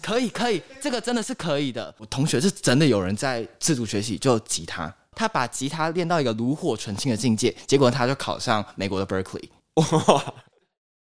可以可以，這個真的是可以的。我同學是真的有人在自主學習，就吉他。他把吉他練到一個爐火純青的境界，結果他就考上美國的 Berkeley。哇！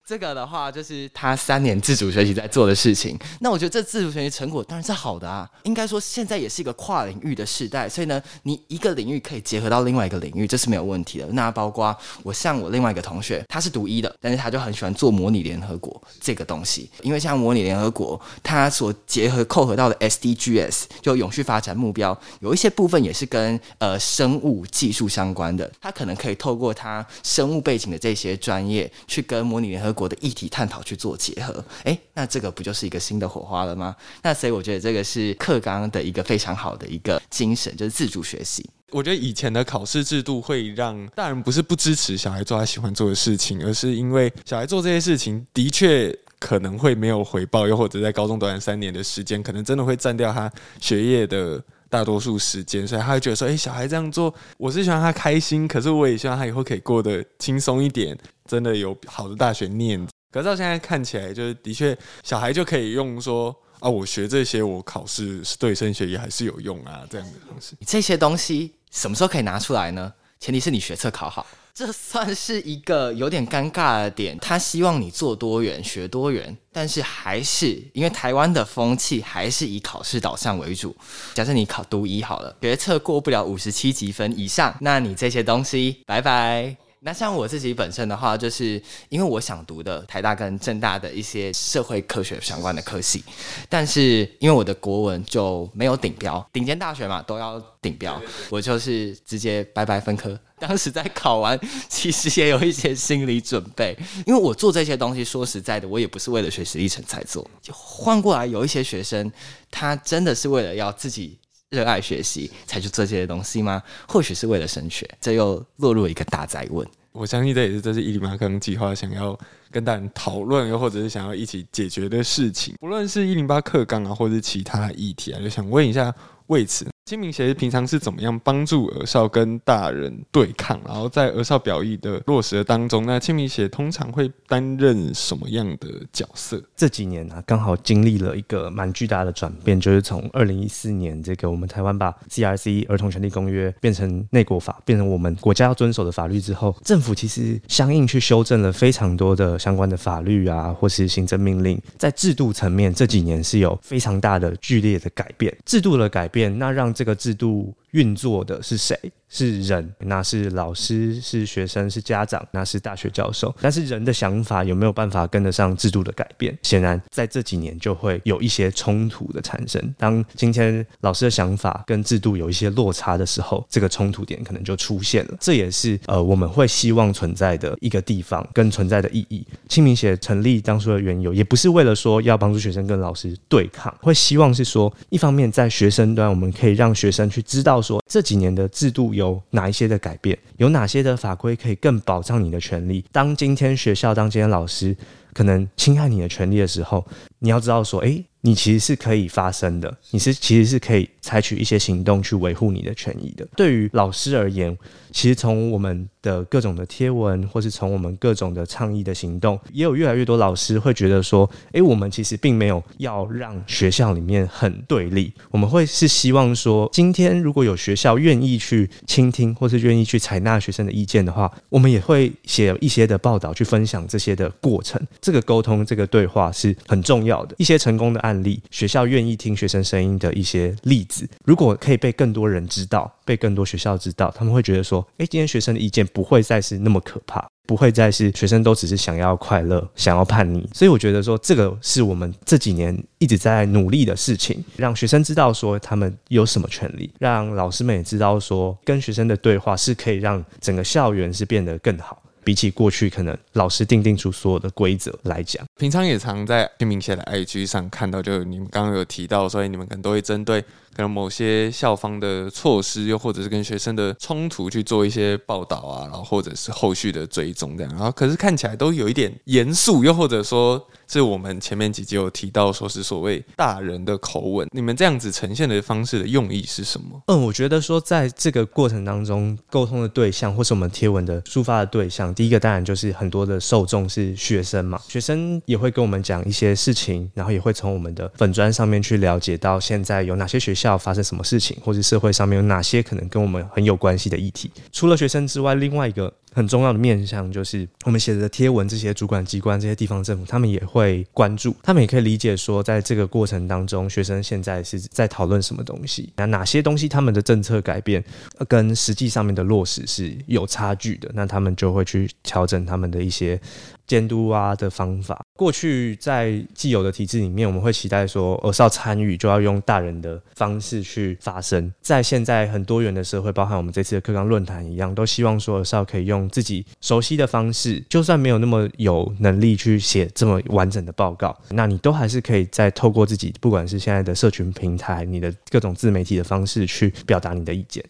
這個的話，就是他三年自主學習在做的事情。那我覺得這自主學習成果當然是好的啊。應該說現在也是一個跨領域的時代，所以呢，你一個領域可以結合到另外一個領域，這是沒有問題的。那包括我像我另外一個同學，他是讀醫的，但是他就很喜歡做模擬聯合國這個東西，因為像模擬聯合國，它所結合扣合到的 SDGs 就永續發展目標，有一些部分也是跟呃生物技術相關的，他可能可以透過他生物背景的這些專業，去跟模擬聯合。國的議題探討去做結合，誒、欸，那這個不就是一個新的火花了嗎？那所以我覺得這個是課綱的一個非常好的一個精神，就是自主學習。我覺得以前的考試制度會讓大人不是不支持小孩做他喜歡做的事情，而是因為小孩做這些事情的確可能會沒有回報，又或者在高中短短三年的時間，可能真的會佔掉他學業的。大多數時間，所以他會覺得說：“哎、欸，小孩這樣做，我是希望他開心，可是我也希望他以後可以過得輕鬆一點，真的有好的大學念。”可是到現在看起來，就是的確，小孩就可以用說：“啊，我學這些，我考試是對升學也還是有用啊。”這樣的東西，這些東西什麼時候可以拿出來呢？前提是你學測考好。這算是一個有點尷尬的點，他希望你做多元、學多元，但是還是因為台灣的風氣還是以考試導向為主。假設你考讀一好了，決策過不了五十七級分以上，那你這些東西拜拜。那像我自己本身的話，就是因為我想讀的台大跟政大的一些社會科學相關的科系，但是因為我的國文就沒有頂標，頂尖大學嘛都要頂標，對對對，我就是直接拜拜分科。當時在考完，其實也有一些心理準備，因為我做這些東西，說實在的，我也不是為了學習歷程才做。就換過來，有一些學生他真的是為了要自己。熱愛學習才去做這些東西嗎？或許是為了升學，這又落入一個大哉問。我相信這也是這是一零八課綱計劃，想要跟大人討論，又或者是想要一起解決的事情。不論是“一零八課綱”啊，或者是其他的議題啊，就想問一下，為此。青民協平常是怎麼樣幫助兒少跟大人對抗？然後在兒少表意的落實的當中，那青民協通常會擔任什麼樣的角色？這幾年啊，剛好經歷了一個蠻巨大的轉變，就是從二零一四年，這個我們台灣把 CRC 兒童權利公約變成內國法，變成我們國家要遵守的法律之後，政府其實相應去修正了非常多的相關的法律啊，或是行政命令，在制度層面這幾年是有非常大的劇烈的改變。制度的改變，那讓這個制度。運作的是誰？是人？那是老師，是學生，是家長，那是大學教授。但是人的想法有沒有辦法跟得上制度的改變？顯然，在這幾年就會有一些衝突的產生。當今天老師的想法跟制度有一些落差的時候，這個衝突點可能就出現了。這也是呃，我們會希望存在的一個地方，跟存在的意義。青民協成立當初的緣由，也不是為了說要幫助學生跟老師對抗，會希望是說，一方面在學生端，我們可以讓學生去知道。說這幾年的制度有哪一些的改變，有哪些的法規可以更保障你的權利？當今天學校，當今天老師可能侵害你的權利的時候，你要知道說，誒。你其實是可以發聲的，你是其實是可以採取一些行動去維護你的權益的。對於老師而言，其實從我們的各種的貼文，或是從我們各種的倡議的行動，也有越來越多老師會覺得說：“哎，我們其實並沒有要讓學校裡面很對立，我們會是希望說，今天如果有學校願意去傾聽，或是願意去採納學生的意見的話，我們也會寫一些的報道去分享這些的過程。這個溝通，這個對話是很重要的。一些成功的案例學校願意聽學生聲音的一些例子，如果可以被更多人知道，被更多學校知道，他們會覺得說，誒，今天學生的意見不會再是那麼可怕，不會再是學生都只是想要快樂、想要叛逆。所以我覺得說，這個是我們這幾年一直在努力的事情，讓學生知道說他們有什麼權利，讓老師們也知道說，跟學生的對話是可以讓整個校園是變得更好。比起過去可能老師訂定出所有的規則來講，平常也常在青民協的 IG 上看到，就你們剛剛有提到，所以你們可能都會針對。可能某些校方的措施，又或者是跟學生的衝突去做一些報道啊，然後或者是後續的追蹤這樣，然後可是看起來都有一點嚴肅，又或者說是我們前面幾集有提到，說是所謂大人的口吻，你們這樣子呈現的方式的用意是什麼？嗯，我覺得說在這個過程當中，溝通的對象，或是我們貼文的抒發的對象，第一個當然就是很多的受眾是學生嘛，學生也會跟我們講一些事情，然後也會從我們的粉專上面去了解到現在有哪些學校。要發生什麼事情，或者社會上面有哪些可能跟我們很有關係的議題，除了學生之外，另外一個很重要的面向就是我們寫的貼文，這些主管機關、這些地方政府，他們也會關注，他們也可以理解說，在這個過程當中，學生現在是在討論什麼東西，那哪些東西他們的政策改變跟實際上面的落實是有差距的，那他們就會去調整他們的一些監督啊的方法。過去在既有的體制裡面，我們會期待說，兒少要參與就要用大人的方式去發聲，在現在很多元的社會，包含我們這次的課綱論壇一樣，都希望說，兒少可以用。自己熟悉的方式，就算沒有那麼有能力去寫這麼完整的報告，那你都還是可以再透過自己，不管是現在的社群平台，你的各種自媒體的方式去表達你的意見。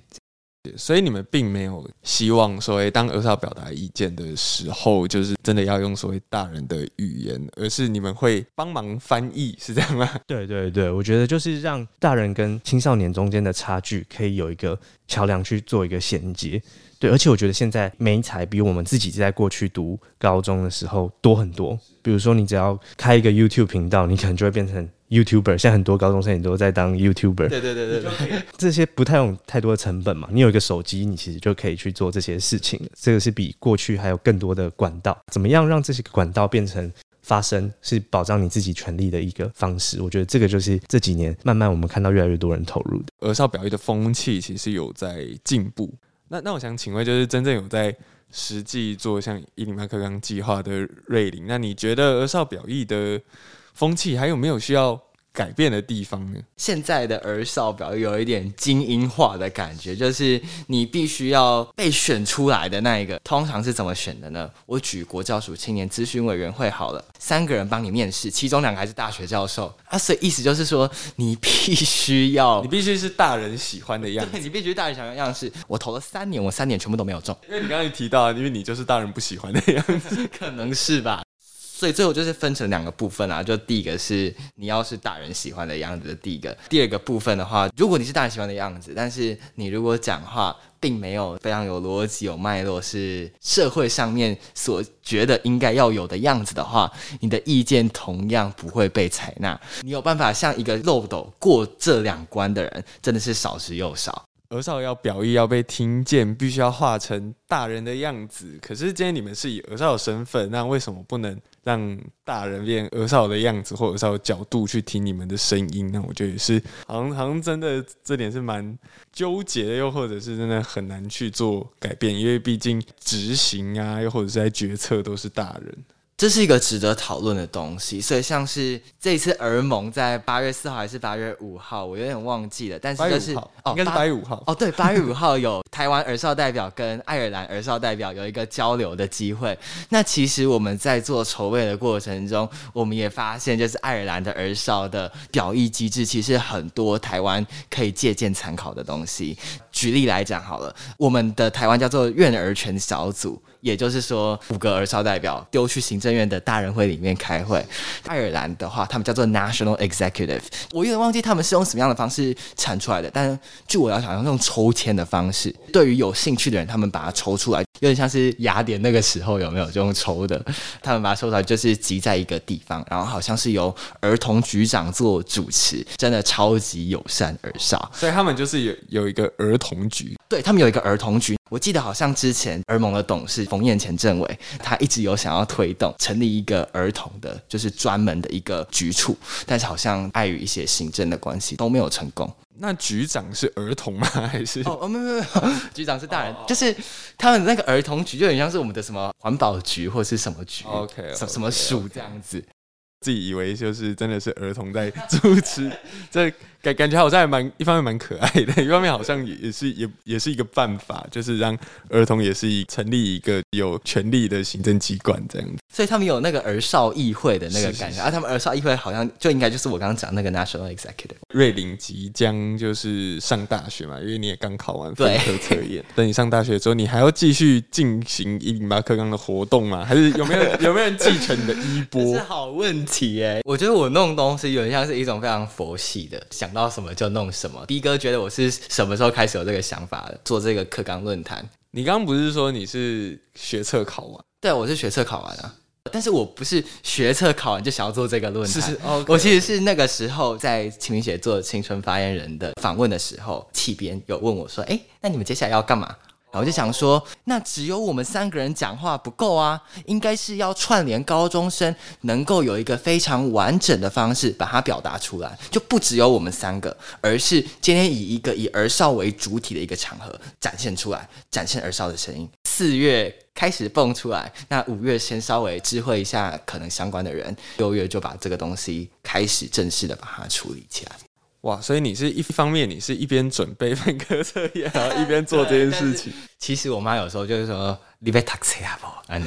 所以你們並沒有希望說，哎，當兒少表達意見的時候，就是真的要用所謂大人的語言，而是你們會幫忙翻譯，是這樣嗎？對對對，我覺得就是讓大人跟青少年中間的差距可以有一個橋樑去做一個銜接。對，而且我覺得現在媒材比我們自己在過去讀高中的時候多很多。比如說，你只要開一個 YouTube 頻道，你可能就會變成 YouTuber。像很多高中生，你都在當 YouTuber。對對，對對對對，這些不太用太多的成本嘛，你有一個手機，你其實就可以去做這些事情。這個是比過去還有更多的管道。怎麼樣讓這些管道變成發聲，是保障你自己權利的一個方式？我覺得這個就是這幾年慢慢我們看到越來越多人投入的。兒少表意的風氣其實有在進步。那那我想請問，就是真正有在實際做像108課綱計劃的瑞霖，那你覺得兒少表意的風氣還有沒有需要改變的地方呢？現在的兒少表有一點精英化的感覺，就是你必須要被選出來的那一個。通常是怎麼選的呢？我舉國教署青年諮詢委員會好了，三個人幫你面試，其中兩個還是大學教授。啊，所以意思就是說，你必須要，你必須是大人喜歡的樣子，你必須是大人想要樣式。我投了三年，我三年全部都沒有中，因為你剛才提到，因為你就是大人不喜歡的樣子， [laughs] 可能是吧。所以最後就是分成兩個部分啦、啊，就第一個是你要是大人喜歡的樣子的第一個，第二個部分的話，如果你是大人喜歡的樣子，但是你如果講話並沒有非常有邏輯、有脈絡，是社會上面所覺得應該要有的樣子的話，你的意見同樣不會被採納。你有辦法像一個漏斗過這兩關的人，真的是少之又少。兒少要表意要被聽見，必須要化成大人的樣子。可是今天你們是以兒少的身份，那為什麼不能讓大人變兒少的樣子，或者兒少角度去聽你們的聲音呢？我覺得也是，好像好像真的這點是蠻糾結的，又或者是真的很難去做改變，因為畢竟執行啊，又或者是在決策都是大人。這是一個值得討論的東西，所以像是這一次兒盟在八月四號還是八月五號，我有點忘記了。但是八、就、月、是、哦，應該是八月五號、哦、八月五號哦，對，八 [laughs] 月五號有台灣兒少代表跟愛爾蘭兒少代表有一個交流的機會。那其實我們在做籌備的過程中，我們也發現，就是愛爾蘭的兒少的表意機制，其實很多台灣可以借鑑參考的東西。舉例來講好了，我們的台灣叫做院兒權小組，也就是說五個兒少代表丟去行政院的大人會裡面開會。愛爾蘭的話，他們叫做 National Executive，我有點忘記他們是用什麼樣的方式產出來的，但據我要想用抽籤的方式。對於有興趣的人，他們把它抽出來，有點像是雅典那個時候有沒有就用抽的，他們把它抽出來，就是集在一個地方，然後好像是由兒童局長做主持，真的超級友善兒少。所以他們就是有有一個兒童。童局？對他們有一個兒童局，我記得好像之前兒盟的董事馮燕前政委，他一直有想要推動成立一個兒童的，就是專門的一個局處，但是好像礙於一些行政的關係都沒有成功。那局長是兒童嗎？還是哦，沒有沒有，局長是大人，oh, oh. 就是他們那個兒童局就很像是我們的什麼環保局或者是什麼局，OK，什 okay, 什麼署 okay. 這樣子，自己以為就是真的是兒童在主持 [laughs] 在。感覺好像還蠻一方面蠻可愛的，一方面好像也是也是也也是一個辦法，就是讓兒童也是成立一個有權利的行政機關這樣子，所以他們有那個兒少議會的那個感覺，是是是啊，他們兒少議會好像就應該就是我剛剛講那個 national executive。瑞霖即將就是上大學嘛，因為你也剛考完分科測驗，對等你上大學之後，你還要繼續進行一零八課綱的活動嗎？還是有沒有 [laughs] 有沒有人繼承你的衣缽？是好問題哎、欸，我覺得我弄東西有點像是一種非常佛系的想。到什麼就弄什麼。B 哥覺得我是什麼時候開始有這個想法的，做這個課綱論壇？你剛剛不是說你是學測考完？對，我是學測考完啊。但是我不是學測考完就想要做這個論壇。是是 OK，我其實是那個時候在青民協做青春發言人的訪問的時候，企編有問我說：“哎、欸，那你們接下來要幹嘛？”我就想說，那只有我們三個人講話不夠啊，應該是要串聯高中生，能夠有一個非常完整的方式把它表達出來，就不只有我們三個，而是今天以一個以兒少為主體的一個場合展現出來，展現兒少的聲音。四月開始蹦出來，那五月先稍微知會一下可能相關的人，六月就把這個東西開始正式的把它處理起來。哇，所以你是一方面，你是一邊準備分科，這樣，然後一邊做這件事情。 [laughs] 其實我媽有時候就是說， [music] 你別太吃啊，婆， [laughs]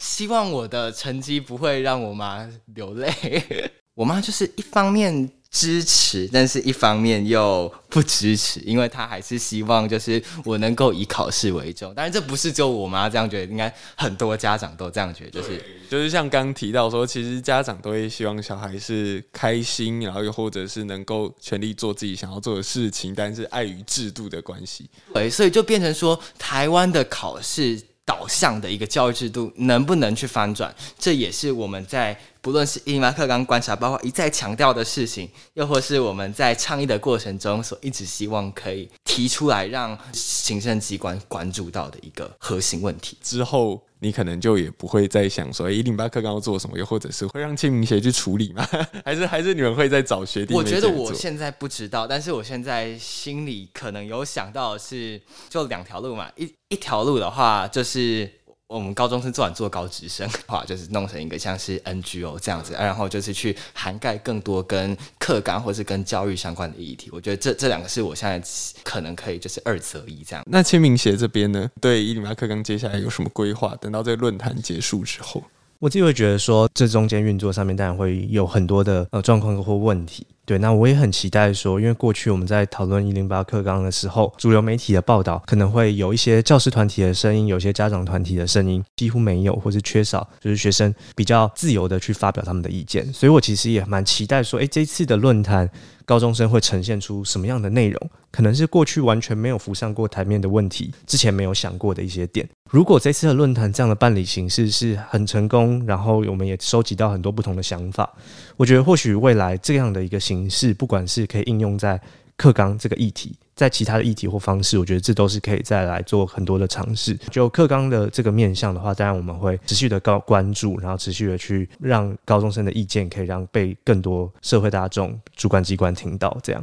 希望我的成績不會讓我媽流淚。 [laughs] 我媽就是一方面支持，但是一方面又不支持，因為他還是希望就是我能夠以考試為重。但是這不是只有我媽這樣覺得，應該很多家長都這樣覺得，就是，就是就是像剛提到說，其實家長都會希望小孩是開心，然後又或者是能夠全力做自己想要做的事情，但是礙於制度的關係，對，所以就變成說，台灣的考試導向的一個教育制度能不能去翻轉，這也是我們在。不論是108課綱觀察，包括一再強調的事情，又或是我們在倡議的過程中所一直希望可以提出來讓行政機關關注到的一個核心問題，之後你可能就也不會再想說，108課綱要做什麼？又或者是會讓青民協去處理嗎？還是還是你們會再找學弟？我覺得我現在不知道，但是我現在心裡可能有想到的是，就兩條路嘛，一一條路的話就是。我們高中生做完做高職生的話，就是弄成一個像是 NGO 這樣子，啊，然後就是去涵蓋更多跟課綱或是跟教育相關的議題。我覺得這這兩個是我現在可能可以就是二擇一這樣。那青民協這邊呢，對108課綱接下來有什麼規劃？等到這個論壇結束之後，我自己會覺得說，這中間運作上面當然會有很多的呃狀況或問題。對，那我也很期待說，因為過去我們在討論108課綱的時候，主流媒體的報道可能會有一些教師團體的聲音，有些家長團體的聲音幾乎沒有，或是缺少，就是學生比較自由的去發表他們的意見。所以我其實也蠻期待說，哎，這次的論壇，高中生會呈現出什麼樣的內容？可能是過去完全沒有浮上過台面的問題，之前沒有想過的一些點。如果這次的論壇這樣的辦理形式是很成功，然後我們也收集到很多不同的想法，我覺得或許未來這樣的一個形式，不管是可以應用在課綱這個議題，在其他的議題或方式，我覺得這都是可以再來做很多的嘗試。就課綱的這個面向的話，當然我們會持續的高關注，然後持續的去讓高中生的意見可以讓被更多社會大眾主管機關聽到，這樣。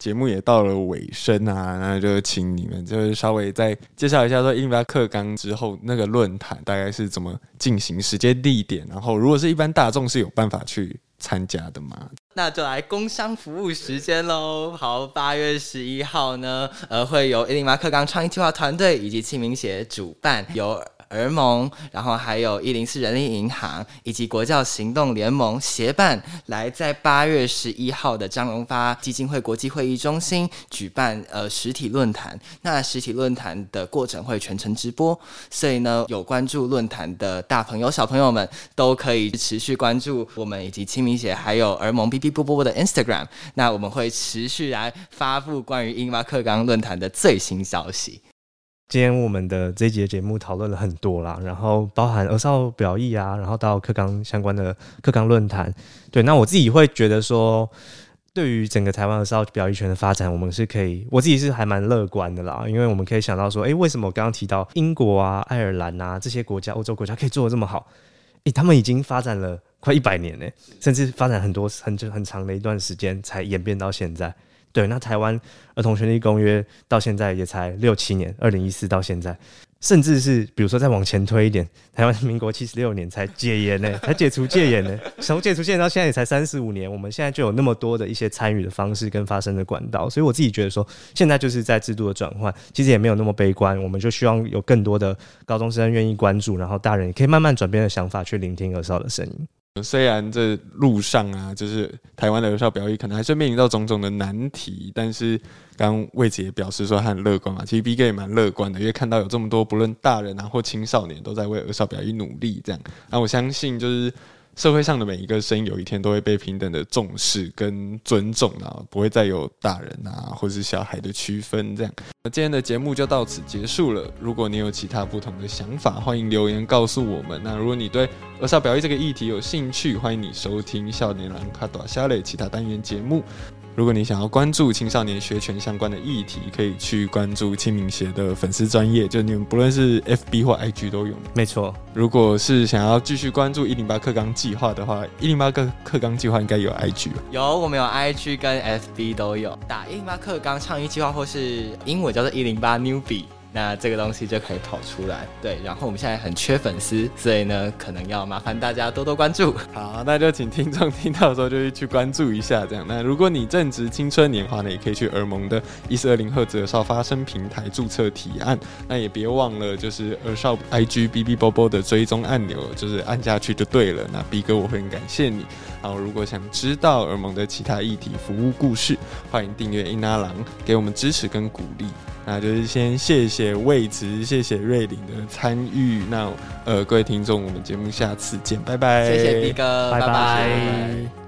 節目也到了尾聲啊，那就請你們就是稍微再介紹一下說108課綱之後那個論壇大概是怎麼進行時間地點，然後如果是一般大眾是有辦法去參加的嗎？那就來工商服務時間嘍。好，八月十一號呢，呃，會由108課綱倡議計畫團隊以及青民協主辦，由、欸。兒盟，然後還有一零四人力銀行以及國教行動聯盟協辦，來在八月十一號的張榮發基金會國際會議中心舉辦呃實體論壇。那實體論壇的過程會全程直播，所以呢，有關注論壇的大朋友小朋友們都可以持續關注我們以及青民協還有兒盟嗶嗶啵啵啵的 Instagram。那我們會持續來發布關於一零八課綱論壇的最新消息。今天我們的這一節節目討論了很多啦，然後包含兒少表意啊，然後到課綱相關的課綱論壇。對，那我自己會覺得說，對於整個台灣兒少表意權的發展，我們是可以，我自己是還蠻樂觀的啦，因為我們可以想到說，誒、欸，為什麼我剛剛提到英國啊、愛爾蘭啊這些國家、歐洲國家可以做得這麼好？誒、欸，他們已經發展了快一百年呢，甚至發展很多很很長的一段時間才演變到現在。對，那台灣兒童權利公約到現在也才六七年，二零一四到現在，甚至是比如說再往前推一點，台灣民國七十六年才戒嚴呢、欸，才解除戒嚴呢、欸，從解除戒嚴到現在也才三十五年，我們現在就有那麼多的一些參與的方式跟發聲的管道，所以我自己覺得說，現在就是在制度的轉換，其實也沒有那麼悲觀，我們就希望有更多的高中生願意關注，然後大人也可以慢慢轉變的想法去聆聽兒少的聲音。雖然這路上啊，就是台灣的兒少表意可能還是面臨到種種的難題，但是剛蔚慈也表示說她很樂觀嘛、啊，其實 B 哥也蠻樂觀的，因為看到有這麼多不論大人啊或青少年都在為兒少表意努力這樣那、啊、我相信就是。社會上的每一個聲音，有一天都會被平等的重視跟尊重啊，不會再有大人啊或是小孩的區分這樣。那今天的節目就到此結束了。如果你有其他不同的想法，歡迎留言告訴我們啊。那如果你對兒少表意這個議題有興趣，歡迎你收聽少年人卡大聲咧其他單元節目。如果你想要關注青少年學權相關的議題，可以去關注青民協的粉絲專頁，就你們不論是 F B 或 I G 都有。沒錯錯，如果是想要繼續關注一零八課綱計劃的話，一零八課課綱計劃應該有 I G 吧？有，我們有 I G 跟 F B 都有，打108課綱倡議計劃或是英文叫做一零八 Newbie。那這個東西就可以跑出來，對。然後我們現在很缺粉絲，所以呢，可能要麻煩大家多多關注。好，那就請聽眾聽到的時候就去關注一下，這樣。那如果你正值青春年華呢，也可以去兒盟的一四二零赫茲兒少發聲平台注冊提案。那也別忘了，就是兒少 IG 嗶嗶啵啵的追蹤按鈕，就是按下去就對了。那 B 哥，我會很感謝你。好，如果想知道兒盟的其他議題服務故事，歡迎訂閱英拉郎，給我們支持跟鼓勵。那就是先謝謝蔚慈，謝謝瑞霖的參與。那呃，各位聽眾，我們節目下次見，拜拜。謝謝迪哥，拜拜。拜拜拜拜。